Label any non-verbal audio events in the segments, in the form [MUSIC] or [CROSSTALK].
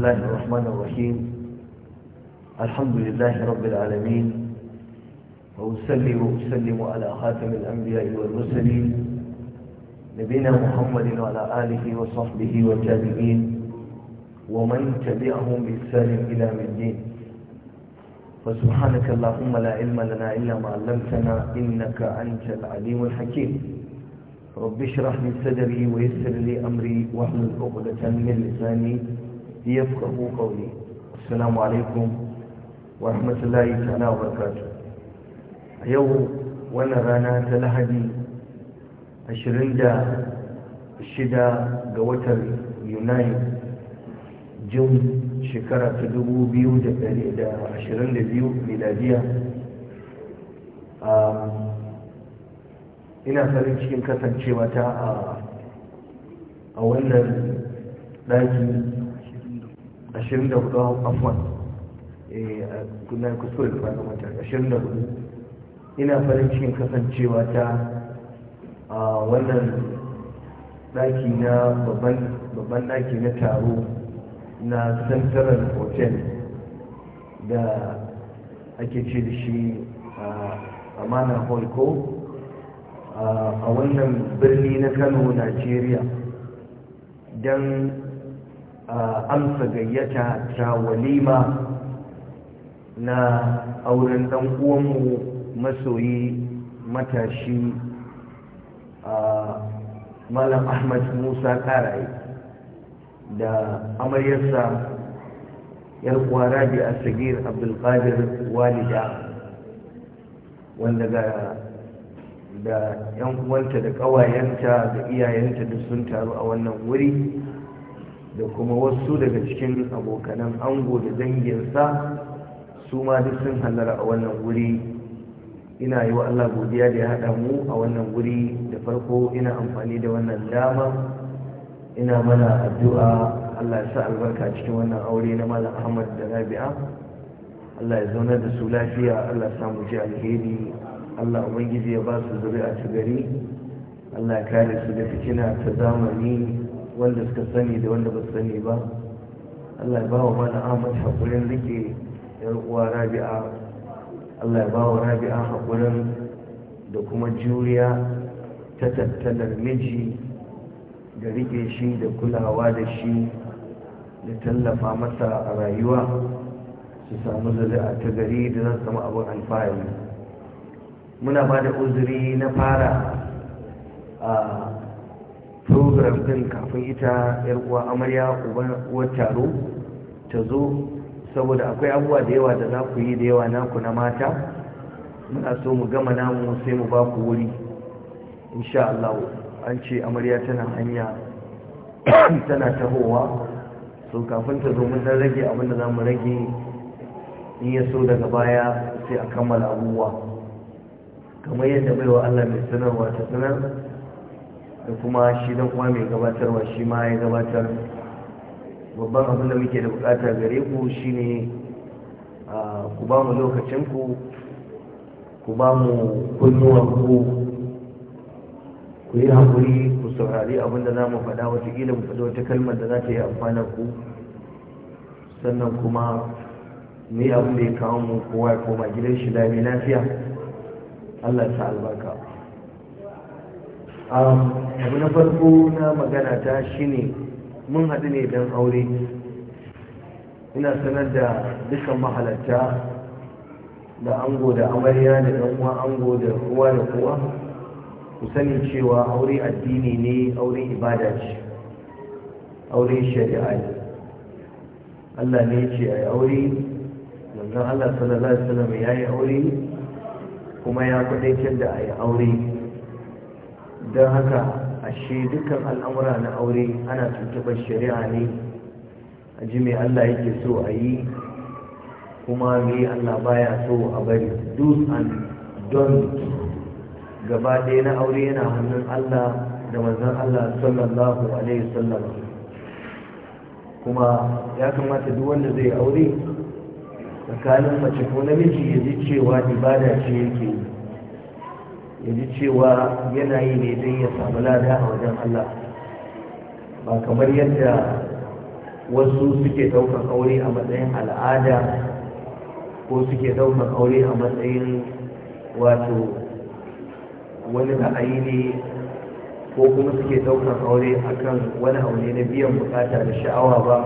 الله الرحمن الرحيم الحمد لله رب العالمين وأسلم وأسلم على خاتم الأنبياء والمرسلين نبينا محمد وعلى آله وصحبه والتابعين ومن تبعهم بإحسان إلى الدين فسبحانك اللهم لا علم لنا إلا ما علمتنا إنك أنت العليم الحكيم رب اشرح لي صدري ويسر لي أمري واحلل عقدة من لساني ليفقهوا قولي السلام عليكم ورحمة الله تعالى وبركاته يو وانا رانا تلهدي عشرين دا الشدة قوتر يوناي جون شكرة تدبو بيو دا عشرين دا بيو ميلادية ina farin cikin kasancewa ta a wannan ɗaki ashirin da hudu afwan eh, kuna kuskure da fata mata ashirin da hudu ina farin cikin kasancewa ta a wannan daki na babban daki na taro na central hotel da ake ce da shi amana mana ko a wannan birni na kano nigeria don amsa gayyata ta walima na auren dan uwanmu masoyi matashi malam ahmad musa karai da amaryarsa yar kwara rabi'a sagir abdulkadir walida wanda da yan uwanta da kawayenta da iyayenta da sun taru a wannan wuri da kuma wasu daga cikin abokanan ango da danginsa su ma duk sun halara a wannan wuri ina yi wa Allah godiya da ya haɗa mu a wannan wuri da farko ina amfani da wannan dama ina mana addu'a Allah ya sa albarka cikin wannan aure na Malam Ahmad da Rabi'a Allah ya zaunar da su lafiya Allah ya mu ji alheri Allah ubangiji ya ba su a ta gari Allah ya kare su da fitina ta zamani wanda suka sani da wanda ba su sani ba Allah ya bawa mana Ahmad hakurin rike yar uwa Rabi'a Allah ya bawa Rabi'a hakurin da kuma juriya ta tattalar miji da rike shi da kulawa da shi da tallafa masa a rayuwa su samu zuri'a ta gari da zan samu abin alfahari muna ba da uzuri na fara a program din kafin ita yar uwa amarya uwar taro ta zo saboda akwai abubuwa da yawa da za ku yi da yawa naku na mata muna so mu gama namu sai mu ba ku wuri insha Allah an ce amarya tana hanya [COUGHS] tana tahowa so kafin ta zo mun dan rage abin da za mu rage in ya so daga baya sai a kammala abubuwa kamar yadda baiwa Allah mai sanarwa ta sanar da kuma shi dan kuma mai gabatarwa shi ma ya gabatar babban abin da muke da bukata gare ku shine ku ba mu lokacinku ku ba mu kunnuwanku ku yi hakuri ku saurari abin da za mu faɗa wataƙila mu faɗi wata kalmar da za ta yi amfana ku sannan kuma ni abin da ya kawo mu kowa ya koma gidan shi lami lafiya Allah ta albarka abu na farko na magana ta shine mun haɗu ne don aure ina sanar da dukkan mahalarta da ango da amarya da ɗan uwa ango da kowa da kowa ku sani cewa aure addini ne aure ibada ce aure shari'a ne Allah ne ce a yi aure yanzu Allah sallallahu alaihi wasallam ya yi aure kuma ya kwadaitar da a yi aure don haka ashe dukkan al'amura na aure ana tuntuɓar shari'a ne a ji mai allah yake so a yi kuma mai allah baya so a bari do's and don't gaba ɗaya na aure yana hannun allah da manzan allah sallallahu alaihi Sallam, kuma ya kamata duk wanda zai aure tsakanin mace ko namiji ya ji cewa ibada ce yake yi ya ji cewa yana yi ne don ya samu lada a wajen Allah ba kamar yadda wasu suke ɗaukar aure a matsayin al'ada ko suke ɗaukar aure a matsayin wato wani ra'ayi ne ko kuma suke ɗaukar aure akan wani aure na biyan bukata da sha'awa ba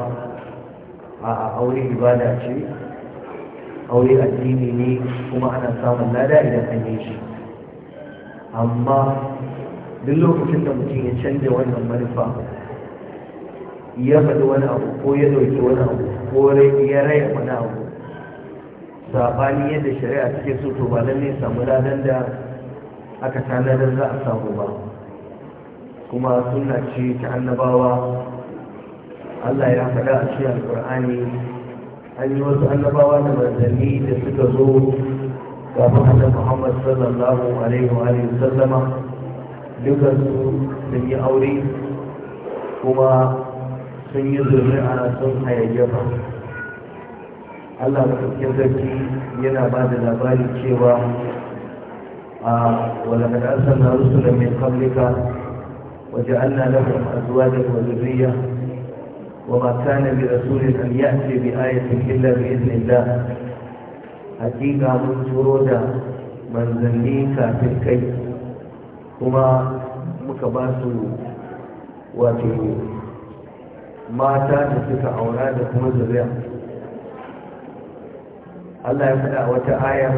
a aure ibada ce aure addini ne kuma ana samun lada idan an yi shi amma duk lokacin da mutum ya canza wannan manufa ya faɗi wani abu ko ya ɗauki wani abu ko ya raya wani abu saɓani yadda shari'a take so to ba lalle samu ladan da aka tanadar za a samu ba kuma suna ce ta annabawa Allah ya faɗa a cikin alƙur'ani an yi wasu annabawa da manzanni da suka zo ومحمد محمد صلى الله عليه وآله وسلم dukansu sun yi aure kuma sun yi zuri'a sun hayayyafa Allah maɗaukin sarki yana ba da labari cewa a walakad arsalna rusulan min qablika وجعلنا لهم أزواجا وذرية وما كان برسول أن يأتي بآية إلا بإذن الله hakika mun turo da manzanni kafin kai kuma muka ba su wato mata da suka aura da kuma zuriya Allah ya faɗa wata ayar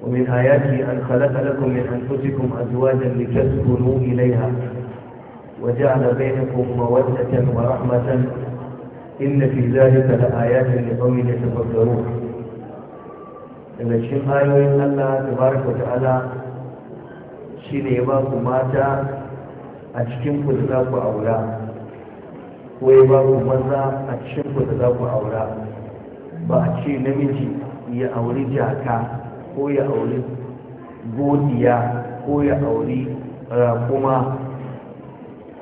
ومن آياته أن خلق لكم من أنفسكم أزواجا لتسكنوا إليها وجعل بينكم مودة ورحمة إن في ذلك لآيات لقوم يتفكرون daga cikin hanyoyin Allah tabaraka ta'ala ne ya ba ku mata a cikin ku da za ku aura ko ya ba ku maza a cikin ku da za ku aura ba a ce namiji ya auri jaka ko ya auri godiya ko ya auri rakuma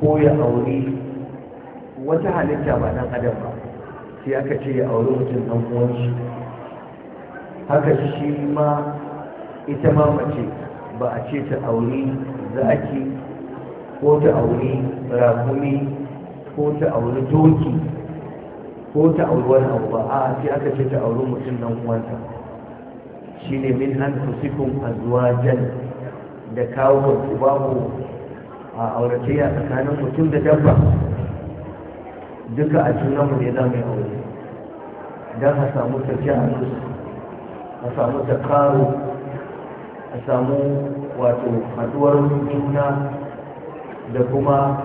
ko ya auri wata halitta ba nan adam ba sai aka ce ya auri mutum ɗan uwanshi haka shi ma ita ma mace ba a ce ta auri zaki ko ta auri rakumi ko ta auri doki ko ta auri wani abu ba a ce aka ce ta auri mutum nan uwanta shine min an fusikum azwajan da kawo wasu babu a auratayya tsakanin mutum da dabba duka a cunanmu ne za mu yi aure don a samu tafiya a a samu takaru a samu wato haduwar juna da kuma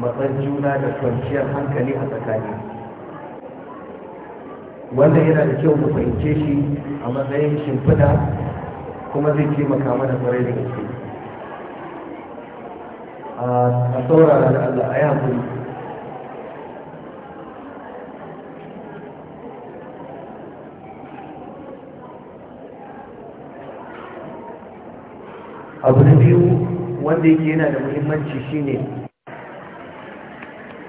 matsan juna da kwanciyar hankali a tsakani Wanda yana da kyau mu fahimce shi a matsayin shimfida, kuma zai taimaka mana kwarai da gaske a saurara da Allah a yankun abu na biyu wanda yake yana da muhimmanci shine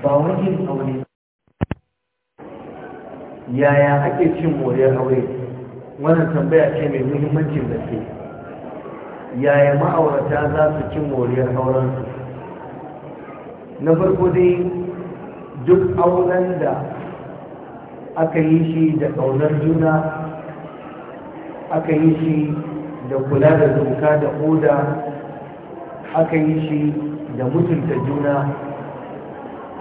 ba wani aure yaya ake cin moriyar aure wannan tambaya ce mai muhimmancin da ke. yaya ma'aurata za su cin moriyar aurensu na farko dai duk auren da aka yi shi da ƙaunar juna aka yi shi da kula da doka da oda aka yi shi da mutunta juna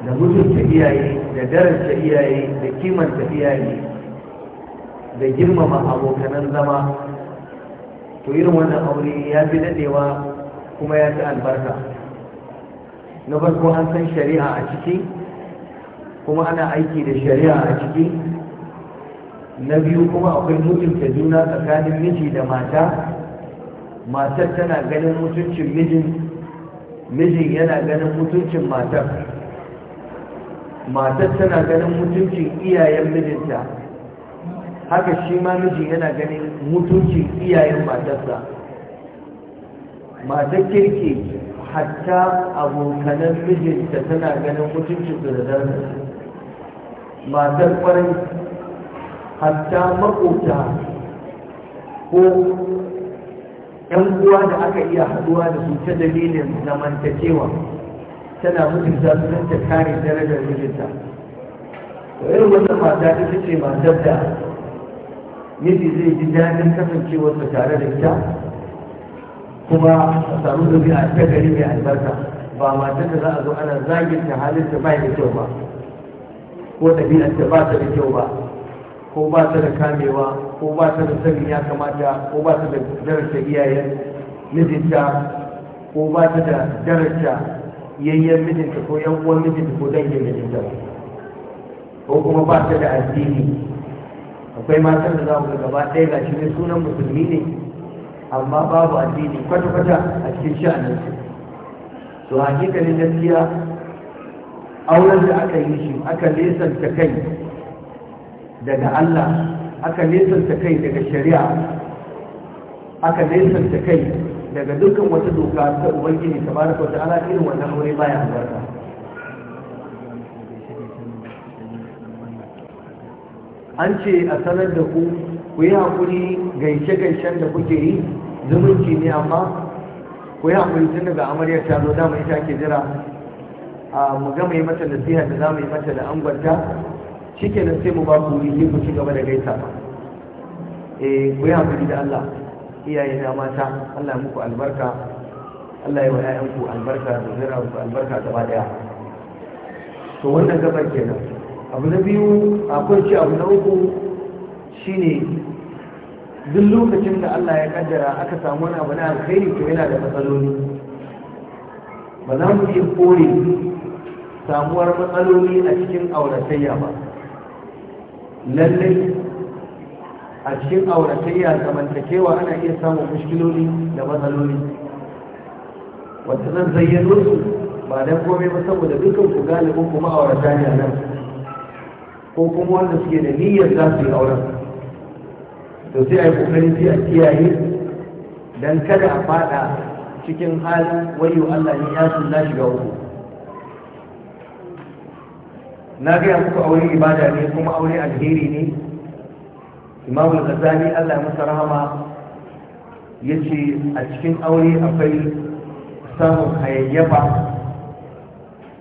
da mutunta iyaye da daraja iyaye da kimanta iyaye da girmama abokanan zama to irin wannan aure ya fi daɗewa kuma ya fi albarka na farko an san shari'a a ciki kuma ana aiki da shari'a a ciki na biyu kuma akwai mutunta juna tsakanin miji da mata matar tana ganin mutuncin mijin mijin yana ganin mutuncin matar matar tana ganin mutuncin iyayen mijinta haka shi ma mijin yana ganin mutuncin iyayen matarsa matar kirki hatta abokanan mijinta tana ganin mutuncin da matar kwarai hatta makota ko yan uwa da aka iya haduwa da su ta dalilin zamantakewa tana mutunta su ta kare darajar mijinta to irin wata mata ita ce matar dabda. miji zai ji daɗin kasancewarsa tare da ita kuma a samu ɗabi'a ta gari mai albarka ba matar da za a zo ana zagin ta halin ta ba da kyau ba ko ɗabi'ar ta ba ta da kyau ba ko ba ta da kamewa ko ba ta da sanin ya kamata ko ba ta da daraja iyayen mijinta ko ba ta da daraja yayyen mijinta ko yan uwan mijinta ko dangin mijinta ko kuma ba ta da addini akwai matan da za mu gaba ɗaya ga shi ne sunan musulmi ne amma babu addini kwata-kwata a cikin sha'anin su to hakikalin gaskiya auren da aka yi shi aka nesanta kai daga Allah aka nesanta kai daga shari'a aka nesanta kai daga dukkan wata doka ta ubangiji ta bada kwata ala irin wannan aure baya albarka an ce a sanar da ku ku yi haƙuri gaishe-gaishen da kuke yi zumunci ne amma ku yi haƙuri tun daga amaryar ta zo dama ita ke jira a mu gama yi mata nasiha da za mu yi mata da angwanta shikenan sai mu ba ku yi ku ci gaba da gaisa e ku yi hakuri da Allah iyaye na mata Allah ya muku albarka Allah ya wa ƴaƴanku albarka da ku albarka gaba daya to wannan gabar kenan abu na biyu akwai ci abu na uku shine duk lokacin da Allah ya kaddara aka samu wani abu na alkhairi to yana da matsaloli ba za mu iya kore samuwar matsaloli a cikin auratayya ba lallai a cikin auratayya zamantakewa ana iya samun mashkiloli da matsaloli wata zan zayyano su ba don komai ba saboda dukkan ku galibin kuma aurata ne a nan ko kuma wanda suke da niyyar za su yi auren to sai a yi kokarin sai a kiyaye don kada a fada cikin halin wayo Allah ne ya sun shiga uku na gaya muku aure ibada ne kuma aure alheri ne imamu al-ghazali Allah ya masa rahama yace a cikin aure akwai samun hayayyafa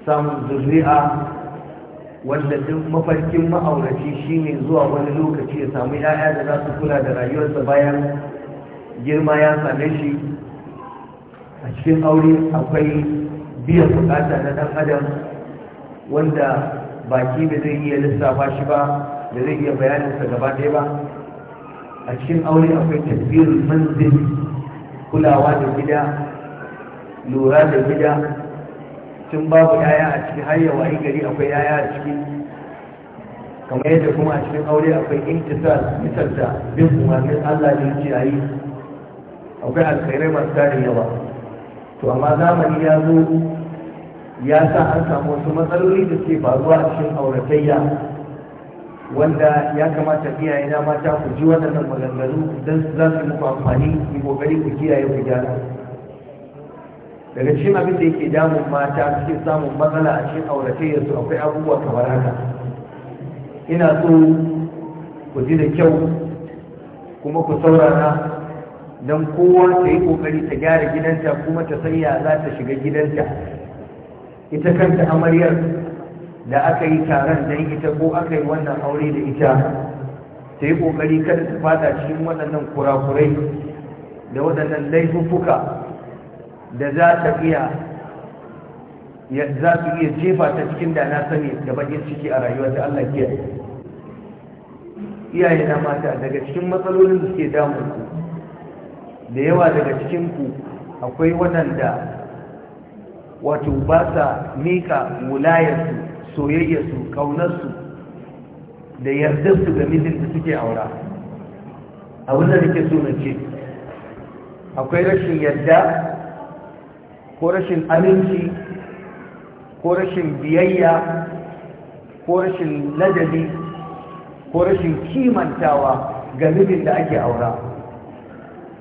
samun zuri'a wanda duk mafarkin ma'auraci shine zuwa wani lokaci ya samu 'ya'ya da za su kula da rayuwarsa bayan girma ya same shi a cikin aure akwai biyan bukata na dan adam wanda baki da zai iya lissafa shi ba da zai iya bayaninsa gaba ɗaya ba a cikin aure akwai tafiyar manzil kulawa da gida lura da gida tun babu yaya a ciki har yawa gari akwai yaya a ciki kamar yadda kuma a cikin aure akwai intisal misalta bin umarnin allah da yake a yi akwai alkhairai masu tarin yawa to amma zamani ya zo ya sa an samu wasu matsaloli da ke faruwa a cikin auratayya wanda ya kamata iyaye na mata ku ji waɗannan maganganu don za su muku amfani ku kokari ku kiyaye ku gyara daga cikin abin da yake damun mata suke samun matsala a cikin auratayya su akwai abubuwa kamar haka ina so ku ji da kyau kuma ku saurara don kowa ta yi kokari ta gyara gidanta kuma ta sanya za ta shiga gidanta ita kanta amaryar da aka yi taron don ita ko aka yi wannan aure da ita ta yi ƙoƙari kada ta fada cikin waɗannan kurakurai da waɗannan laifuffuka da za ta iya za su iya jefa ta cikin da na sani da bakin ciki a rayuwar ta Allah ke iyaye na mata daga cikin matsalolin da suke damun ku da yawa daga cikin ku akwai waɗanda wato ba sa mika wulayarsu soyayyarsu kaunarsu da yardarsu ga mijin da suke aura abin da nake so na akwai rashin yarda ko rashin aminci ko rashin biyayya ko rashin ladabi ko rashin kimantawa ga mijin da ake aura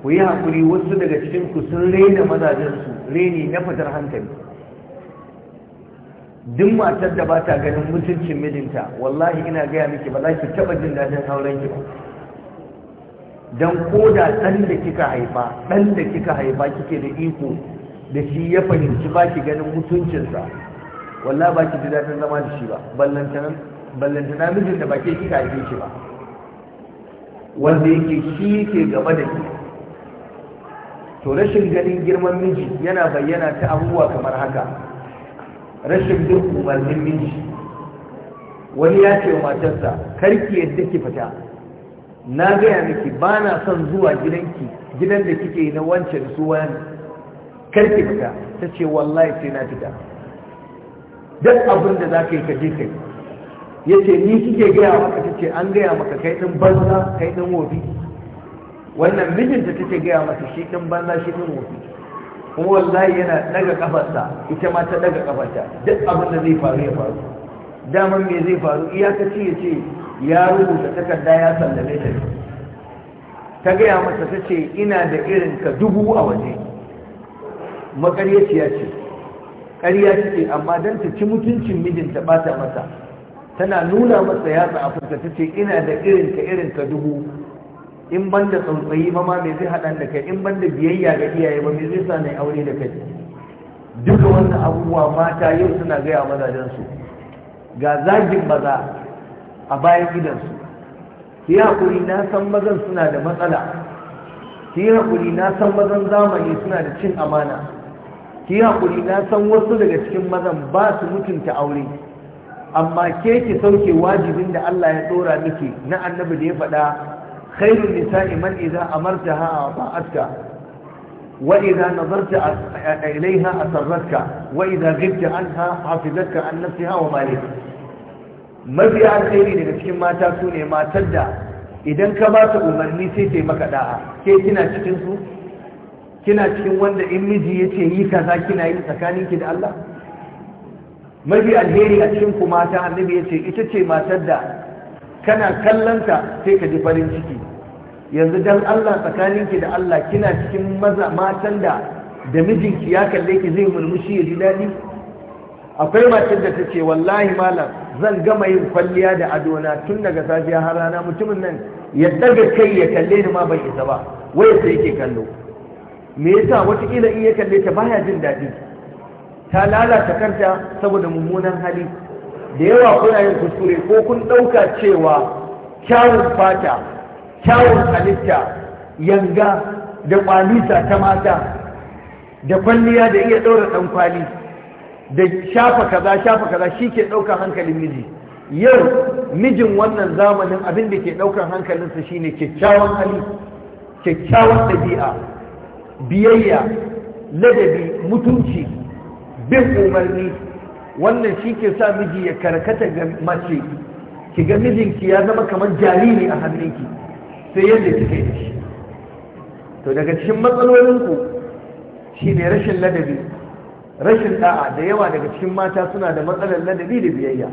ku yi haƙuri wasu daga cikin ku sun rena mazajensu reni na fitar hankali duk matar da ba ta ganin mutuncin mijinta wallahi ina gaya miki ba za ki taɓa jin daɗin auren ki ba don ko da ɗan da kika haifa ɗan da kika haifa kike da iko da shi ya fahimci ba ki ganin mutuncinsa wallahi ba ki ji daɗin zama da shi ba ballantana mijin da ba ke kika haife shi ba wanda yake shi ke gaba da shi to rashin ganin girman miji yana bayyana ta abubuwa kamar haka rashin duk umarnin miji wani ya ce wa matarsa karki yadda ki fita na gaya miki ba na son zuwa gidanki gidan da kike na wancan su wani karki fita ta ce wallahi sai na fita duk abin da za ka yi ka kai ya ce ni kike gaya maka ta ce an gaya maka kai ɗin banza kai ɗin wofi wannan mijinta take gaya masa shi ɗin banza shi ɗin wofi kuma wallahi yana daga kafarsa ita ma ta daga kafarta duk abin da zai faru ya faru daman me zai faru iyakaci ya ce ya rubuta takarda ya sallame ta ta gaya masa ta ce ina da irin ka dubu a waje makaryaciya ce ƙarya ce amma don ta ci mutuncin mijinta ba ta masa tana nuna masa yatsa a fuska ta ce ina da irin ka irin ka dubu in ban da tsuntsayi ba ma mai zai haɗa da kai in ban da biyayya ga iyaye ba mai zai sa na aure da kai duka wannan abubuwa mata yau suna gaya mazajensu ga zagin Baza, a bayan gidansu ki yi haƙuri na san mazan suna da matsala ki yi na san mazan zamani suna da cin amana ki yi haƙuri na san wasu daga cikin mazan ba su mutunta aure amma ke ki sauke wajibin da Allah ya ɗora miki na annabi da ya faɗa خير النساء من إذا a أطاعتك وإذا نظرت إليها أسرتك وإذا غبت عنها حافظتك عن نفسها ومالك مبيع الخير لنفسك ما تاتوني ما تدى idan ka ba umarni sai ta yi maka kina cikin wanda in miji ya ce yi kaza kina yi tsakaninki da Allah mafi alheri a cikin ku mata annabi ya ce ita ce matar da kana kallanta sai ka ji farin ciki yanzu dan Allah tsakaninki da Allah kina cikin maza matan da da mijinki ya kalle ki zai murmushi ya ji daɗi akwai mace da ta ce wallahi malam zan gama yin kwalliya da adona tun daga safiya har rana mutumin nan ya daga kai ya kalle ni ma ban isa ba wai sai yake kallo me yasa wata wataƙila in ya kalle ta baya jin daɗi ta lalata kanta saboda mummunan hali da yawa kuna yin kuskure ko kun ɗauka cewa kyawun fata kyawun halitta yanga da kwalita ta mata da kwalliya da iya ɗaura ɗan kwali da shafa kaza shafa kaza shi ke ɗaukar hankalin miji yau mijin wannan zamanin abin da ke ɗaukar hankalinsa shi ne kyakkyawan hali kyakkyawan ɗabi'a biyayya ladabi mutunci bin umarni wannan shi ke sa miji ya karkata ga mace ki ga mijinki ya zama kamar jariri a hannunki sai yadda kika yi shi to daga cikin matsalolinku shi ne rashin ladabi rashin da'a da yawa daga cikin mata suna da matsalar ladabi da biyayya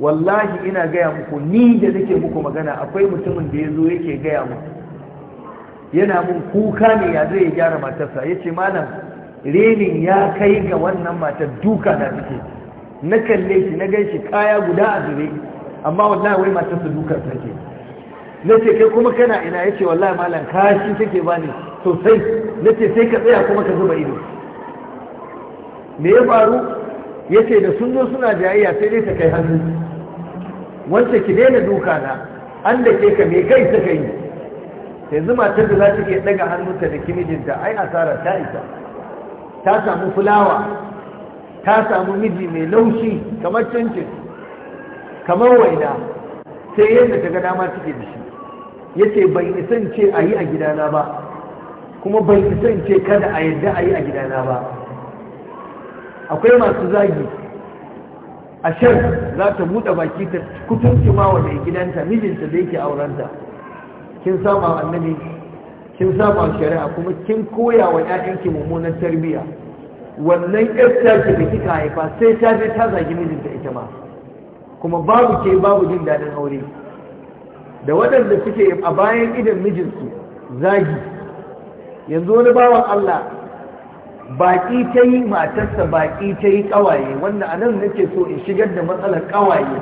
wallahi ina gaya muku ni da nake muku magana akwai mutumin da ya zo yake gaya mu yana mun kuka ne ya zai gyara matarsa ya ce malam renin ya kai ga wannan matar duka na suke na kalle shi na gan shi kaya guda a zure amma wallahi wai matar su duka take na ce kai kuma kana ina ya ce wallahi malam kashi take bani sosai na ce sai ka tsaya kuma ka zuba ido me ya faru ya ce da sun zo suna jayayya sai dai ta kai hannu wancan ki daina duka na an da ke ka me kai ta kai yanzu matar da za ta iya daga ta da kimijinta ai asara ta isa ta samu fulawa ta samu miji mai laushi kamar cincin kamar waina sai yadda ta ga dama suke da shi yace bai isan ce a yi a gidana ba kuma bai isan ce kada a yadda a yi a gidana ba akwai masu zagi a shan za ta buɗe baki ta kutunci ma mai gidanta mijinta da yake aurenta kin sama annabi kin saba shari'a kuma kin koya wa ƴaƴanki mummunan tarbiyya wannan ƴarta da kika haifa sai ta je ta zagi mijinta ita ma kuma babu ke babu jin daɗin aure da waɗanda suke a bayan idan mijinsu zagi yanzu wani bawan Allah baƙi ta yi matarsa baƙi ta yi ƙawaye wanda a nan nake so in shigar da matsalar ƙawaye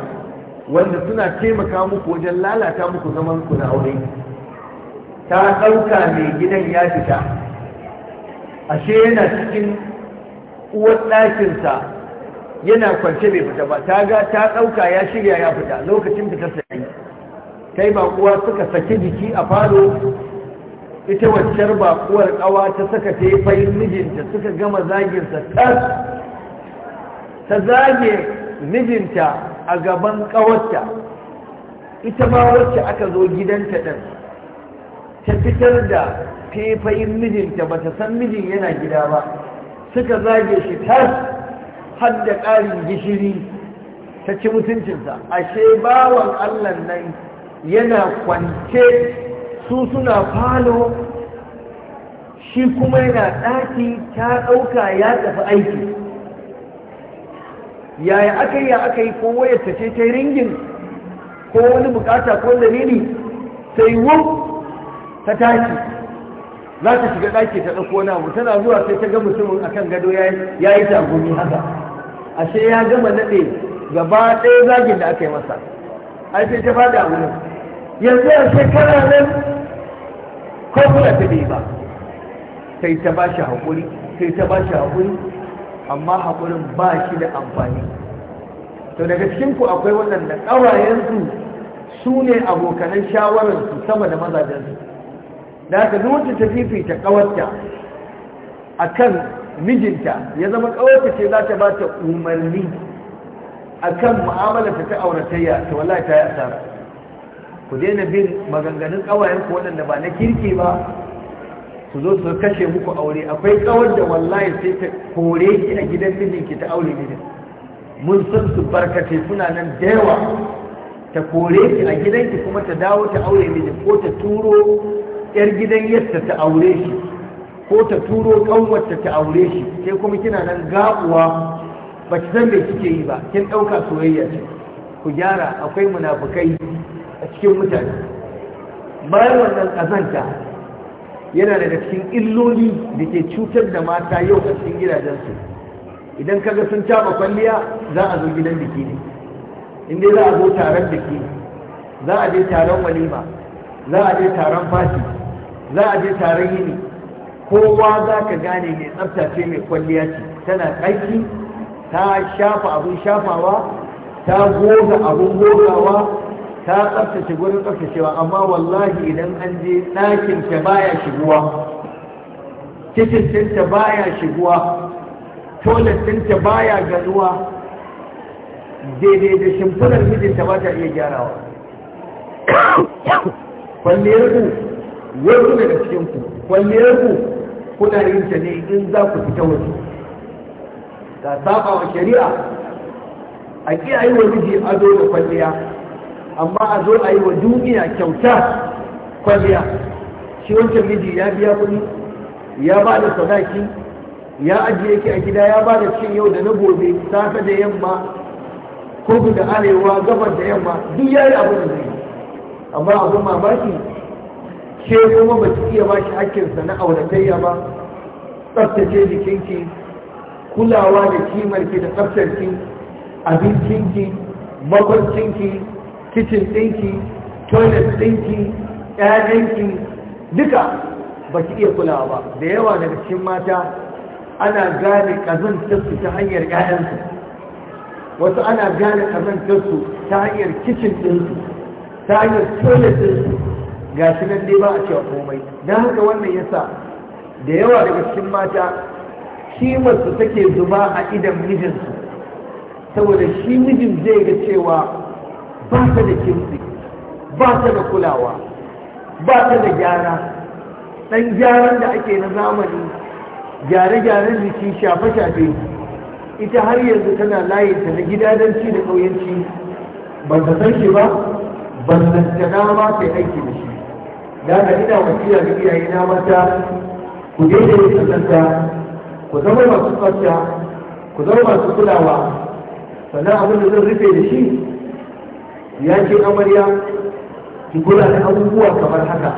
wanda suna taimaka muku wajen lalata muku zaman ku na aure ta ɗauka mai gidan ya fita ashe yana cikin uwar ɗakinsa yana kwance bai fita ba ta ga ta ɗauka ya shirya ya fita lokacin sayi. Ta yi kai suka saki jiki a falo ita waccar bakuwar ƙawa ta saka ta yi fayin mijinta suka gama zaginsa tas ta zage mijinta a gaban ƙawarta ita ma wacce aka zo gidanta ɗin ta fitar da fefayin mijinta ba ta san mijin yana gida ba suka zage shi ta har da ƙarin gishiri ta ci mutuncinsa ashe bawan allah nan yana kwance su suna falo shi kuma yana ɗaki ta ɗauka ya tafi aiki yaya aka yi ya aka yi ko wayar ta ce ta ringin ko wani bukata ko dalili sai wuf ta tashi za ta shiga ɗaki ta ɗauko na mu tana zuwa sai ta ga mutumin akan gado ya yi tagumi haka ashe ya gama naɗe gaba ɗaya zagin da aka yi masa ai sai ta faɗi a wurin yanzu a shekara nan kula ta bai ba sai ta ba shi haƙuri sai ta ba shi haƙuri amma haƙurin ba shi da amfani to daga cikin ku akwai waɗanda ƙawayensu su ne abokanan shawararsu sama da mazajensu da haka duk wacce ta fifita kawarta kan mijinta ya zama kawarta ce za ta ba ta umarni A kan ma'amalata ta auratayya ta wallahi ta yi asara ku daina bin maganganun kawayen waɗanda ba na kirki ba su zo su kashe muku aure akwai kawar da wallahi sai ta kore ki a gidan mijinki ta aure mijin mun san su barkatai suna nan da yawa ta kore ki a gidanki kuma ta dawo ta aure mijin ko ta turo yar gidan yadda ta aure shi ko ta turo ƙanwarta ta aure shi sai kuma kina nan gaɓuwa ba ki san me kike yi ba kin ɗauka soyayya ce ku gyara akwai munafukai a cikin mutane bayan wannan kazanta yana daga cikin illoli da ke cutar da mata yau a cikin gidajensu idan ka ga sun caba kwalliya za a zo gidan biki ne in dai za a zo taron biki za a je taron walima za a je taron fati za a je tarihi ne kowa za ka gane mai tsafta ce mai kwalliya ce tana tsaki ta shafa abin shafawa ta goga abin gogawa ta tsaftace gurin tsaftacewa amma wallahi idan an je ɗakin ta baya shiguwa kicin ta baya shiguwa toilet ta baya ganuwa daidai da shimfidar mijinta ba ta iya gyarawa [COUGHS] kwalliyar wasu daga cikin ku kwalliyar ku kuna yin ta ne in za ku fita waje ta saba wa shari'a a ki a yi wa miji ado da kwalliya amma a zo a yi wa duniya kyauta kwalliya shi wancan miji ya biya kuɗi ya ba da sadaki ya ajiye ki a gida ya ba da cin yau da na gobe safe da yamma kudu da arewa gabar da yamma duk ya yi abin da zai amma abin mamaki ke kuma ba ki iya ba shi hakkinsa na auratayya ba tsaftace jikinki kulawa da kimarki da tsaftarki abincinki makwancinki kicin ɗinki toilet ɗinki ki, duka ba ki iya kulawa ba da yawa daga cikin mata ana gane ƙazantarsu ta hanyar ƴaƴansu wasu ana gane ƙazantarsu ta hanyar kicin ɗinsu ta hanyar toilet ɗinsu ga shi nan dai ba a cewa komai don haka wannan yasa da yawa daga cikin mata kimarsu take zuba a idan mijinsu saboda shi mijin zai ga cewa ba ta da kimsi ba ta da kulawa ba ta da gyara ɗan gyaran da ake na zamani gyare-gyaren jiki shafe-shafe ita har yanzu tana layinta na gidadanci da ƙauyanci ba ta san shi ba ba ta ba ta aiki da shi da na ina wasiya ga iyaye na mata ku daidai da kasanta ku zama masu tsafta ku zama masu kulawa sannan abin da zan rufe da shi ya ce amarya ki kula da abubuwa kamar haka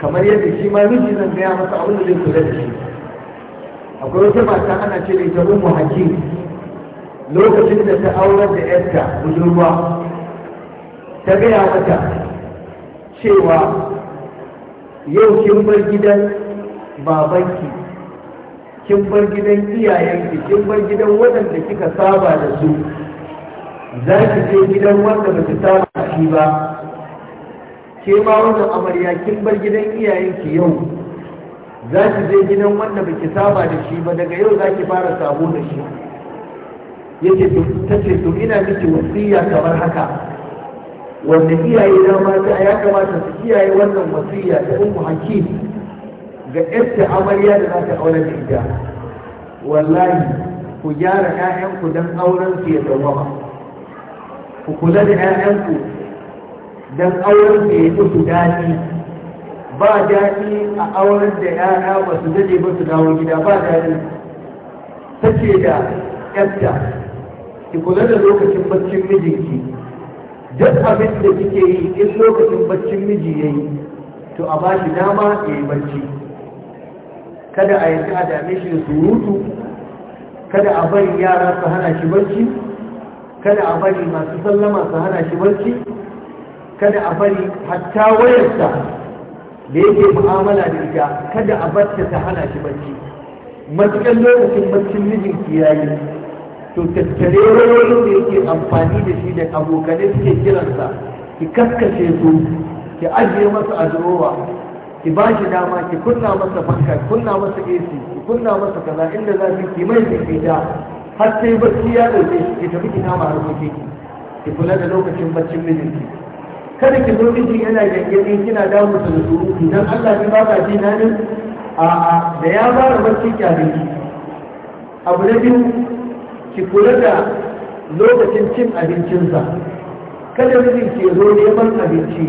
kamar yadda shi ma miji zan gaya masa abin da zai kula da shi akwai wata mata ana ce da ita ummu hakim lokacin da ta aurar da yarta budurwa ta gaya mata cewa yau kin bar gidan babanki kin bar gidan iyayenki kin bar gidan waɗanda kika saba da su za ki je gidan wanda ba ki saba da shi ba ke ma wannan amarya kin bar gidan iyayenki yau za ki je gidan wanda ba ki saba da shi ba daga yau za ki fara sabo da shi yake ta ce to ina miki wasiya kamar haka wanda iyaye da mata ya kamata su kiyaye wannan wasiya ta ummu hakim ga yadda amarya da za ta aure da ita wallahi ku gyara 'ya'yanku don auren su ya dawama ku kula da 'ya'yanku don auren su ya musu daɗi ba daɗi a auren da 'ya'ya ba su daɗe ba su dawo gida ba daɗi take da yadda ki kula da lokacin baccin mijinki duk abin da kike yi in lokacin baccin miji ya yi, to a bashi dama ya yi bacci kada a yanzu a dame shi da surutu kada a bari yara su hana shi bacci kada a bari masu sallama su hana shi barci, kada a bari hatta wayarsa da yake mu'amala da ita kada a barta ta hana shi bacci matuƙar lokacin baccin mijinki ya yi. to tattare wani da yake amfani da shi da abokanai suke kiransa ki kaskashe su ki ajiye masa a durowa ki ba shi dama ki kunna masa fanka ki kunna masa AC ki kunna masa kaza inda za ki ki mai fita har sai bacci ya dauke shi ki tafi ki kama harkokin ki ki kula da lokacin baccin mijinki kada ki zo mijin yana gangamin kina damu da surutu dan Allah ne ba ba ji na a da ya fara bacci ki abu na biyu ki kula da lokacin cin abincinsa kada mijin ke zo neman abinci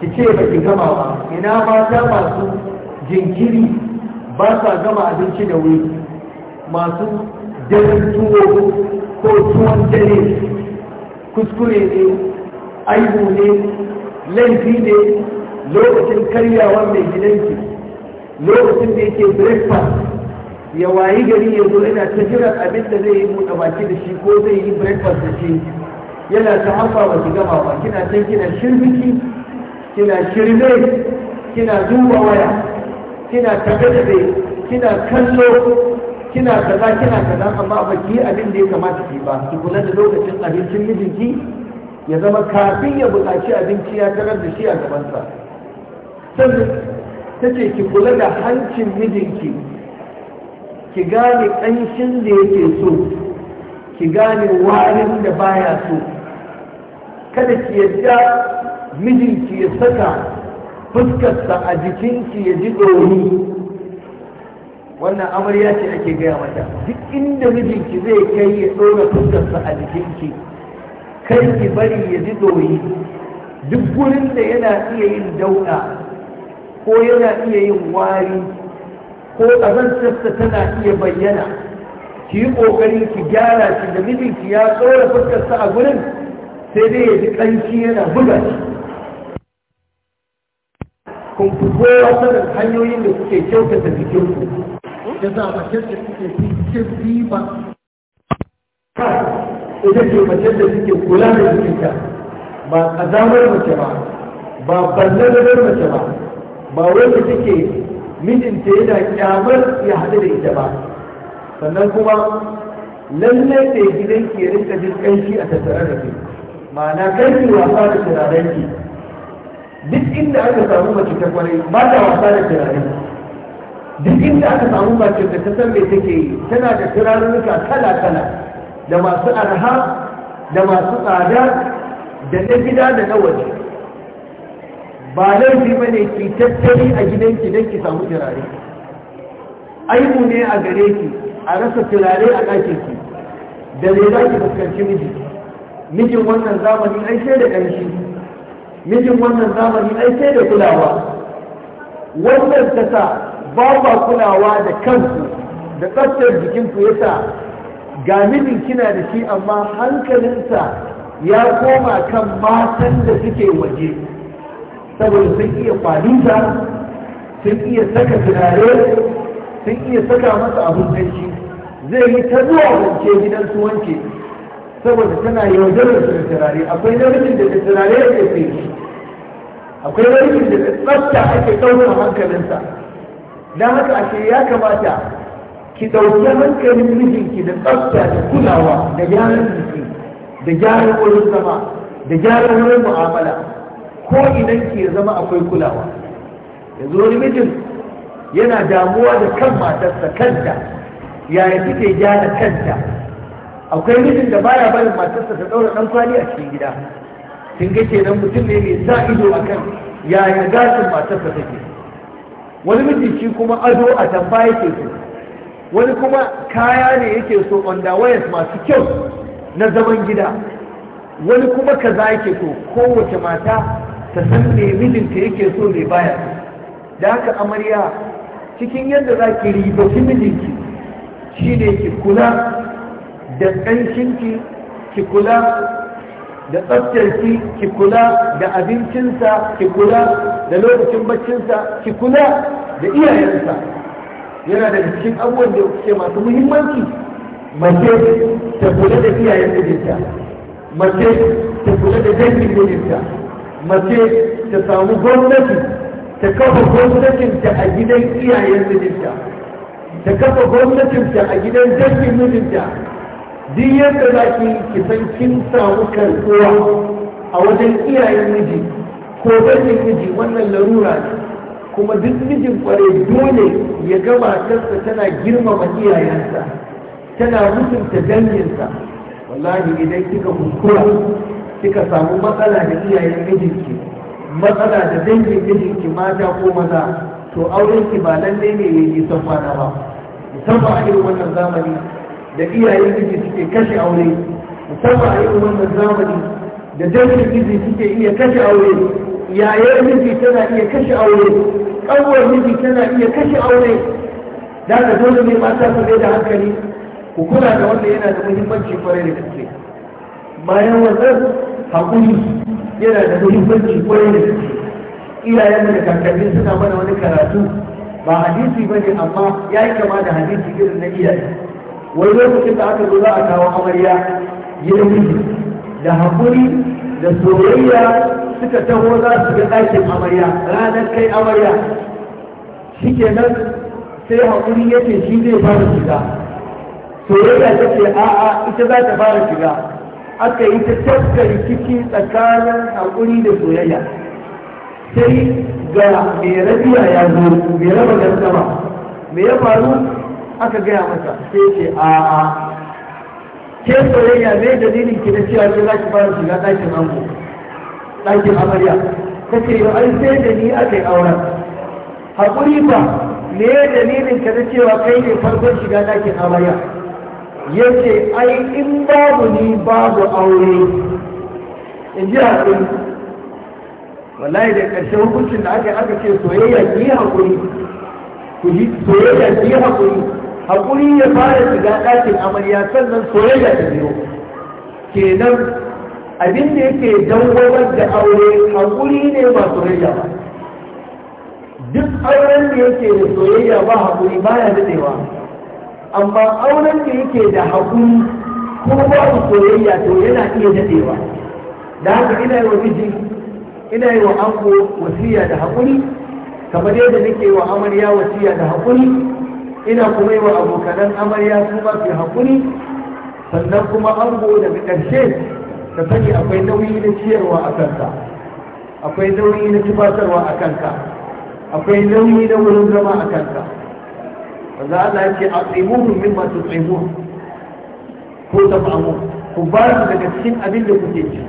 ki ce ba ki gama ba ina mata masu jinkiri ba sa gama abinci da wuri masu jirgin tuwo ko tuwon dare kuskure ne aibu ne laifi ne lokacin karyawar mai gidanki lokacin da yake breakfast ya wayi gari ya zo yana ta jiran abin da zai yi buɗe baki da shi ko zai yi breakfast da shi yana ta hafa ba ki gama ba kina can kina shirbiki kina shirme kina duba waya kina tagadabe kina kallo kina kaza kina kaza amma ba ki yi abin da ya kamata ki ba ki kula da lokacin abincin mijinki ya zama kafin ya buƙaci abinci ya tarar da shi a gabansa sannan ta ce ki kula da hancin mijinki ki gane ƙanshin da yake so ki gane warin da baya so kada ki yadda mijinki ya saka fuskarsa a jikinki ya ji ɗori wannan amarya ce ake gaya mata duk inda mijinki zai kai ya ɗora fuskarsa a jikinki kai ki bari ya ji ɗori duk wurin da yana iya yin dauɗa ko yana iya yin wari ko ƙazantarsa tana iya bayyana ki yi ƙoƙarin ki gyara shi da mijinki ya tsora fuskarsa a gurin sai dai ya ji ƙanci yana buga shi kun fi kowa sanin hanyoyin da kuke kyautata jikinku da a da kuke cikin riba ita ce mace da suke kula da jikinta ba ƙazamar mace ba ba ballar mace ba ba wanda take mijinta yana kyamar ya haɗu da ita ba sannan kuma lallai da gidan ke rinka jin ƙanshi a tattare da ke ma'ana kai ki wasa da turaren ki duk inda aka samu mace ta kwarai ba ta wasa da turaren duk inda aka samu mace da ta san me take yi tana da turarurruka kala kala da masu arha da masu tsada da na gida da na waje ba laifi ba ne ki tattali a gidanki don ki samu turare aibu ne a gare ki a rasa turare a ɗakinki da zai za ki fuskanci miji mijin wannan zamani ai sai da ƙarshe. mijin wannan zamani ai sai da kulawa wannan ta sa ba ba kulawa da kanku da tsaftar jikinku ya sa ga mijin kina da shi amma hankalinsa ya koma kan matan da suke waje saboda sun iya kwalita sun iya saka turare sun iya saka masa abin zanci zai yi ta zuwa wance gidan su wanke saboda tana yi wajen da turare akwai namijin da ta turare ya fi akwai namijin da ta tsafta ake ɗaukar hankalinsa don haka ashe ya kamata ki ɗauki hankalin mijinki da tsafta da kulawa da gyaran jiki da gyaran wurin zama da gyaran wurin mu'amala ko idan ke zama akwai kulawa yanzu wani mijin yana damuwa da kan matarsa kanta yaya ke gyara kanta akwai mijin da baya barin matarsa ta daura dan kwali a cikin gida kin ga kenan mutum ne mai sa ido akan yaya gashin matarsa take wani mijin shi kuma ado a tamba yake so wani kuma kaya ne yake so wayas masu kyau na zaman gida wani kuma kaza yake so kowace mata ta san me mijinta yake so mai baya da haka amarya cikin yadda za ki ribaci mijinki shi ne ki kula da ƙanshinki ki kula da tsaftarki ki kula da abincinsa ki kula da lokacin baccinsa ki kula da iyayensa yana da cikin abubuwan da ke masu muhimmanci mace ta kula da iyayen mijinta mace ta kula da dangin mijinta mace ta samu gwamnati ta kafa gwamnatinta a gidan iyayen mijinta ta kafa gwamnatinta a gidan dangin mijinta duk yadda za ki ki san kin samu karɓuwa a wajen iyayen miji ko dangin miji wannan larura ne kuma duk mijin kware dole ya ga matarsa tana girmama iyayensa tana mutunta danginsa wallahi idan kika kuskura kika samu matsala da iyayen mijinki matsala da dangin mijinki mata ko maza to auren ki ba lalle ne yi san kwana ba musamman a irin wannan zamani da iyayen miji suke kashe aure musamman a irin wannan zamani da dangin miji suke iya kashe aure yayar miji tana iya kashe aure ƙanwar miji tana iya kashe aure da ka dole ne mata su da hankali ku kula da wanda yana da muhimmanci kwarai da gaske bayan wannan haƙuri yana da muhimmanci kwarai da gaske iyayen da kakanni suna mana wani karatu ba hadisi ba ne amma ya yi kama da hadisi irin na iyaye wani lokacin da aka zo za a kawo amarya ya yi yanzu da haƙuri da soyayya suka taho za su ga ɗakin amarya ranar kai amarya shi kenan sai haƙuri yake shi zai fara shiga soyayya ta ce a'a ita za ta fara shiga aka yi ta tafka ciki tsakanin haƙuri da soyayya sai ga mai rabiya ya zo mai raba gaskama me ya faru aka gaya masa sai ce a a ke soyayya mai dalilin ki na cewa ke za ki fara shiga ɗakin ango ɗakin amarya ta ce yau an sai da ni aka yi auren haƙuri ba me dalilin ka na cewa kai ne farkon shiga ɗakin amarya ya ce ai in babu ni babu aure in ji haƙuri wallahi da ƙarshen hukuncin da aka aka ce soyayya ki haƙuri ku ji soyayya ki haƙuri haƙuri ya fara shiga ɗakin amarya sannan soyayya ta biyo kenan abin da yake dawwamar da aure haƙuri ne ba soyayya ba duk auren da yake da soyayya ba haƙuri baya daɗewa amma auren da yake da haƙuri ko su soyayya to yana iya daɗewa da haka ina yi wa miji ina yi wa ango wasiya da haƙuri kamar yadda nake wa amarya wasiya da haƙuri ina kuma yi wa abokanan amarya su ba su haƙuri sannan kuma ango daga ƙarshe ta sani akwai nauyi na ciyarwa a kanka akwai nauyi na tubatarwa a kanka akwai nauyi na wurin zama a kanka manzo Allah ya ce aqimuhu mimma tut'imun ko tafamu ku ba su daga cikin abin da kuke ci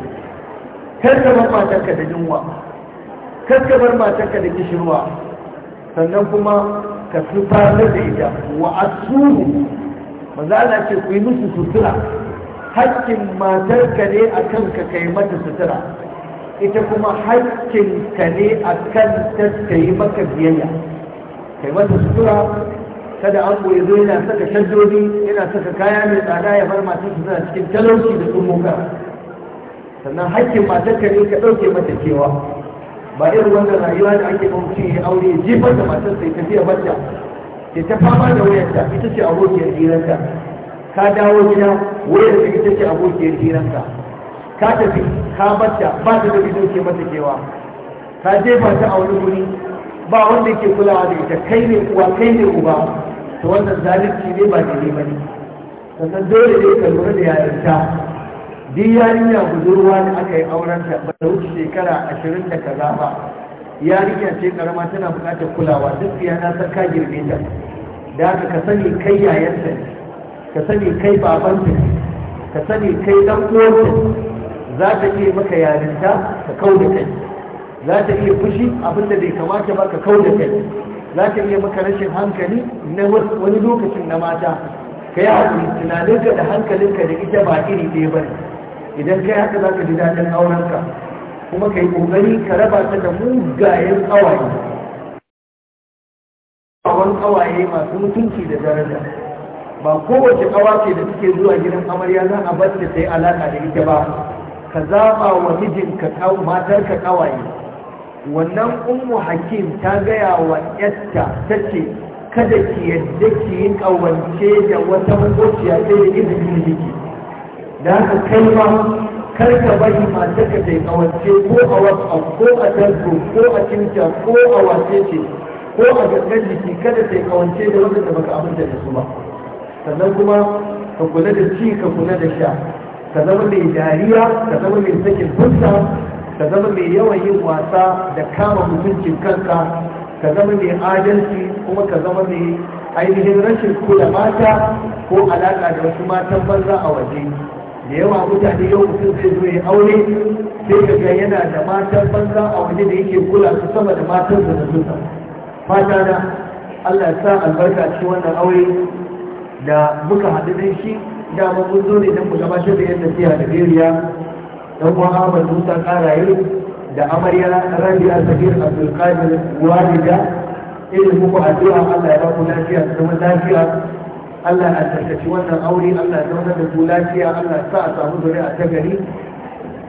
kar ka bar matarka da yunwa kar ka bar matarka da kishirwa sannan kuma ka tufatar da ita wa asuhu manzo Allah ce ku yi musu sutura hakkin matarka ne a kanka kai mata sutura ita kuma hakkin ka ne a kan ta yi maka biyayya kai mata sutura kada an ya zo yana saka shaddodi yana saka kaya mai tsada ya bar matar su tana cikin talauci da tsummuka sannan hakkin matar ka ne ka ɗauke mata cewa ba irin wannan rayuwa da ake ban mutum ya aure jefar da matar sai tafiya bacca ke ta fama da wayarta ita ce abokiyar hirarta ka dawo gida wayar da ita ce abokiyar hirarta ka tafi ka bacca ba ta da gidan ke mata kewa ka jefa ta a wani guri ba wanda ke kulawa da ita kai ne uwa kai ne uba to wannan zalunci ne ba da ba ne sannan dole ne ka lura da yarinta duk yarinya budurwa da aka yi auren ta ba da wuce shekara ashirin da kaza ba yarinya ce karama tana buƙatar kulawa duk ya na san ka girme ta da haka ka sani kai yayanta ne ka sani kai babanta ne ka sani kai dan uwanta za ta iya maka yarinta ka kau da kai za ta iya fushi abinda bai kamata ba ka kau da kai za ka iya maka rashin hankali na wani lokacin na mata ka yi haƙuri tunaninka da hankalinka da ita ba iri ɗaya ba ne idan ka yi haka za ka ji daɗin aurenka kuma ka yi ƙoƙari ka raba ta da mugayen ƙawaye ƙawon ƙawaye masu mutunci da daraja ba kowace ƙawa ce da suke zuwa gidan amarya za a bar ta sai alaƙa da ita ba ka zaɓa wa mijinka matarka ƙawaye wannan umu hakim ta gaya wa yatta ta ce kada ki yadda ki yi kawance da wata makociya sai da izinin miki da haka kai ma kar ka bari mata ka ta kawance ko a wata ko a tarko ko a tinta ko a wace ce ko a gangan jiki kada ta kawance da wata da baka aminta da su ba sannan kuma ka kula da ci ka kula da sha ka zama mai dariya ka zama mai sakin fuska ka zama mai yawan yin wasa da kama mutuncin kanka ka zama mai adalci kuma ka zama mai ainihin rashin kula mata ko alaƙa da wasu matan banza a waje da yawa mutane yau mutum zai zo ya aure sai ka ga yana da matan banza a waje da yake kula su sama da matan da su fata na Allah sa albarka ci wannan aure da muka haɗu da shi da mun zo ne don mu gabatar da yadda siya da biriya dan Muhammad Musa Karaye da amarya Rabi'a Sabir Abdul Qadir Walida irin muku addu'a Allah ya ba ku lafiya da zaman lafiya Allah ya tarkaci wannan aure Allah ya zauna da ku lafiya Allah ya sa a samu zuri'a ta gari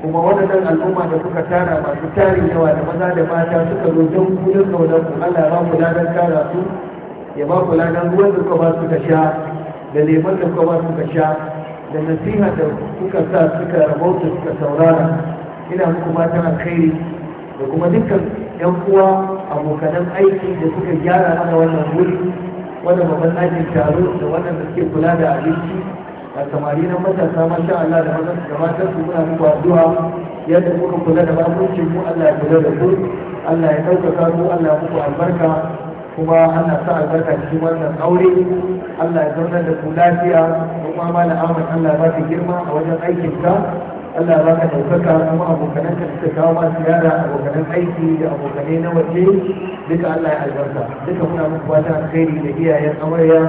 kuma waɗannan al'umma da suka tara masu tarin yawa da maza da mata suka zo don kudin kaunar ku Allah ya ba ku ladan tara su ya ba ku ladan ruwan da kuka ba su ka sha da lemon da kuka ba su ka sha da nasiha da suka sa suka rabauta suka saurara ina muku fatan alkhairi da kuma dukkan yan uwa abokanan aiki da suka gyara mana wannan wuri wannan babban ɗakin taro da wannan da suke kula da abinci a samari na matasa masha Allah da mazan da matan su muna muku addu'a yadda kuka kula da bakuncin mu Allah ya kula da ku Allah ya ɗaukaka ku Allah ya muku albarka kuma Allah sa albarka cikin wannan aure Allah ya zauna da kulafiya lafiya kuma malam Ahmad Allah ba ka girma a wajen aikin ka Allah ba ka daukaka kuma abokanan ka suka kawo ma ziyara abokanan aiki da abokanai na waje duka Allah ya albarka duka muna muku fata alkhairi da iyayen amarya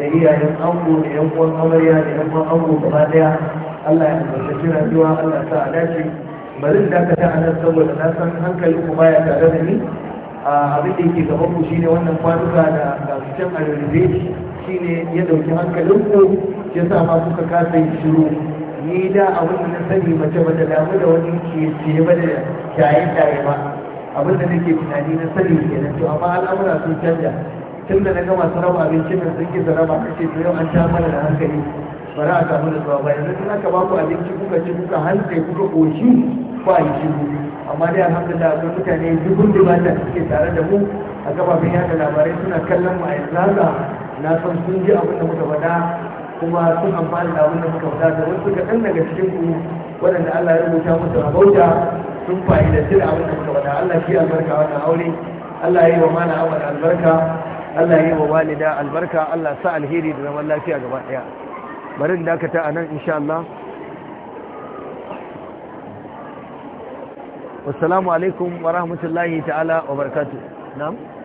da iyayen ango da yan uwan amarya da yan uwan ango gaba daya Allah ya albarkaci rayuwa Allah sa a dace bari da ka ta anan saboda na san hankali kuma ya tare da ni abin da yake gaban mu shine wannan kwanuka da gasucen a shine ya dauki hankalin ku ya sa ma kuka kasa yin shiru ni da abin da na sani mace ba da damu da wani ke ce ba da shaye shaye ba abin da nake tunani na sani kenan to amma al'amura sun canja tun da na gama su raba abincin da sun kisa raba kace to yau an ta mana da hankali bari a samu da tsawa ba yanzu tun aka ba ku abinci kuka ci kuka hanzai kuka koshi ba yi shiru amma dai alhamdulillah akwai mutane dubun dubata da suke tare da mu a gabafin yada labarai suna kallon mu a yanzu haka na san sun ji abin da muka faɗa kuma sun amfani da abin da muka faɗa da wasu kaɗan daga cikin ku waɗanda Allah ya rubuta musu a bauta sun fahimci da abin da muka faɗa Allah shi albarka wannan aure Allah ya yi wa mana awal albarka Allah ya yi wa walida albarka Allah sa alheri da zaman lafiya gaba ɗaya bari dakata a nan insha Allah wasu alaikum wa rahmatullahi ta'ala wa barakatu na'am